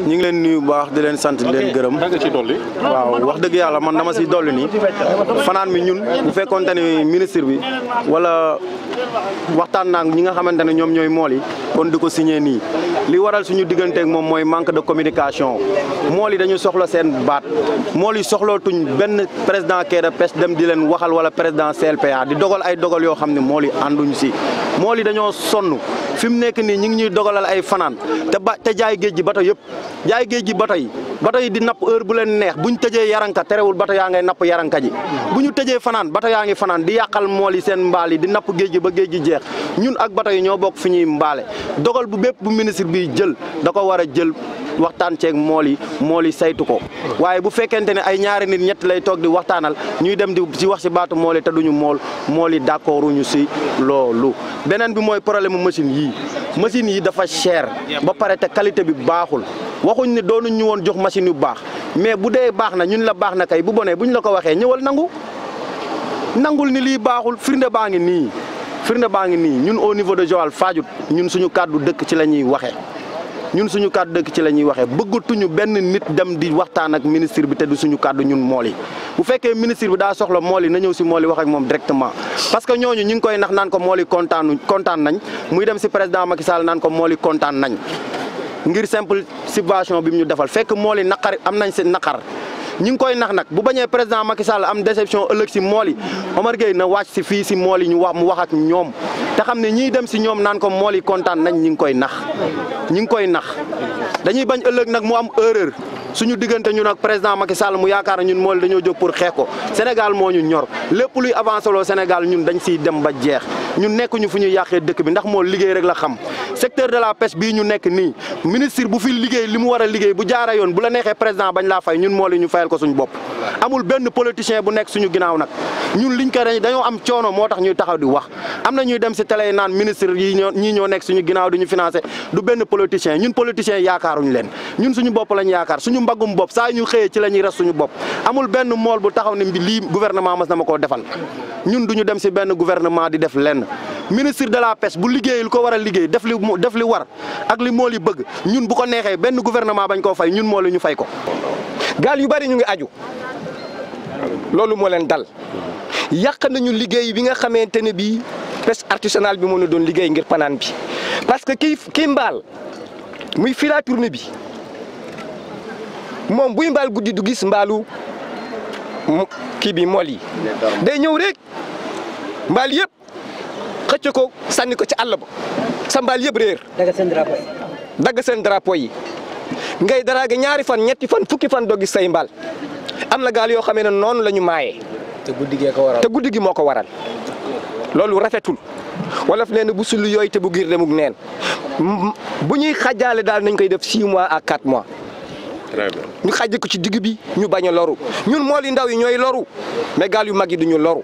ñu ngi leen nuyu bu baax di leen sant di leen gërëm waaw wax dëgg yàlla man dama si dolli nii fanaan mi ñun bu fekkoonte ni ministre bi wala waxtaan naa ñi nga xamante ne ñoom ñooy mool yi kon di ko signé nii li waral suñu digganteeg moom mooy manque de communication mool yi dañu soxla seen baat mool yi soxlootuñ benn président quai de dem di leen waxal wala président CLPA di dogal ay dogal yoo xam mool yi ànduñ si mool yi dañoo sonn fi mu nekk nii ñu ngi ñuy dogalal ay fanaan te ba te jaay géej gi bato yëpp jaay géej gi bato yi bato yi di napp heure bu leen neex bu ñu tëjee yaranka terewul bato yaa ngay napp yaranka ji bu ñu tëjee fanaan bato yaa ngi fanaan di yàqal mool yi seen mbaal yi di napp géej gi ba géej gi jeex ñun ak bato yi ñoo bokk fi ñuy mbaale dogal bu bépp bu ministre bi jël da ko war a jël waxtan ci moli moli mool saytu ko waye bu fekente ne ay ñaari nit ñet lay tok di waxtanal ñuy dem di ci wax ci batu moli yi te duñu mol moli d'accordu ñu ci lolu benen bi moy problème machine yi machine yi dafa cher ba paré te qualité bi baxul waxuñ ne doonu ñu won jox machine yu bax mais bu dé baax na ñun la baax na kay bu boné buñ la ko waxé ñewal nangu nangul ni li baxul firnde baangi ni firnde baangi ni ñun au niveau de Joal fadiou ñun suñu cadre ci lañuy waxé ñun suñu kàddu dëkk ci la ñuy waxee bëggatuñu benn nit dem di waxtaan ak ministre bi te du suñu kàddu ñun mool yi bu fekkee ministre bi daa soxla mool yi na ñëw si mool yi wax ak moom directement parce que ñooñu ñu ngi koy nax naan ko mool yi kontaanu kontaan nañ muy dem si président Macky Sall naan ko mooli kontaan nañ ngir simple subvention bi mu ñu defal fekk mool yi naqar am nañ seen naqar ñi ngi koy nax nag bu bañee président Macky Sall am déception ëllëg si mool yi Omar Gueye na wàcc si fii si mool yi ñu wax mu wax ak ñoom te xam ne ñiy dem si ñoom naan ko mool yi kontaan nañ ñi ngi koy nax ñi ngi koy nax dañuy bañ ëllëg nag mu am erreur suñu diggante ñun ak président Macky Sall mu yaakaar ñun mooy dañoo jóg pour xeex ko Sénégal moo ñu ñor lépp luy avancé loo Sénégal ñun dañ siy dem ba jeex ñun nekkuñu fu ñu yàqee dëkk bi ndax moo liggéey rek la xam secteur de la pêche bii ñu nekk ni ministre bu fi liggéey li mu war a liggéey bu jaara yoon bu la neexee président bañ laa fay ñun moo li ñu fayal ko suñu bopp amul benn politicien bu nekk suñu ginnaaw nag ñun liñ ko dañoo am coono moo tax ñuy taxaw di wax am na ñuy dem si télé yi naan ministre yi ñoo ñii ñoo nekk suñu ginnaaw di ñu financé du benn politicien ñun politicien yaakaaruñu leen ñun suñu bopp lañ yaakaar suñu mbaggum bopp saa ñu xëyee ci la ñuy res suñu bopp amul benn mool bu taxaw ne lii gouvernement mas na ma koo defan ñun duñu dem si benn gouvernement di def leen ministre de la pes bu liggéey ko war liggéey def li def li war ak li mool yi bëgg ñun bu ko neexee benn gouvernement bañ koo fay ñun mool yi ñu fay ko gaal yu bari ñu ngi aju loolu moo leen dal yàq nañu liggéey bi nga xamante ne bii pêche artisanale bi moo a doon liggéey ngir panaan bi parce que kii mbaal muy filature bi moom buy mbaal guddi du gis mbaalu kii bi mool yi. day ñëw rek mbaal yëpp xëcc ko sànni ko ci àll ba sa mbaal yëpp réer. dagg seen drapeau yi. dagg seen drapeau ngay daraage ñaari fan ñetti fan fukki fan doo say mbaal. am na gaal yoo xamee ne noonu la ñu maayee. te guddi gee ko waral te guddi gi moo ko waral loolu rafetul wolof fu na bu sulu yooyu te bu giir demug neen bu ñuy xajaale daal nañ koy def 6 mois à 4 mois. ñu xàjji ko ci digg bi ñu bañ a loru ñun mool yu ndaw yi ñooy loru mais gaal yu mag yi du ñu loru.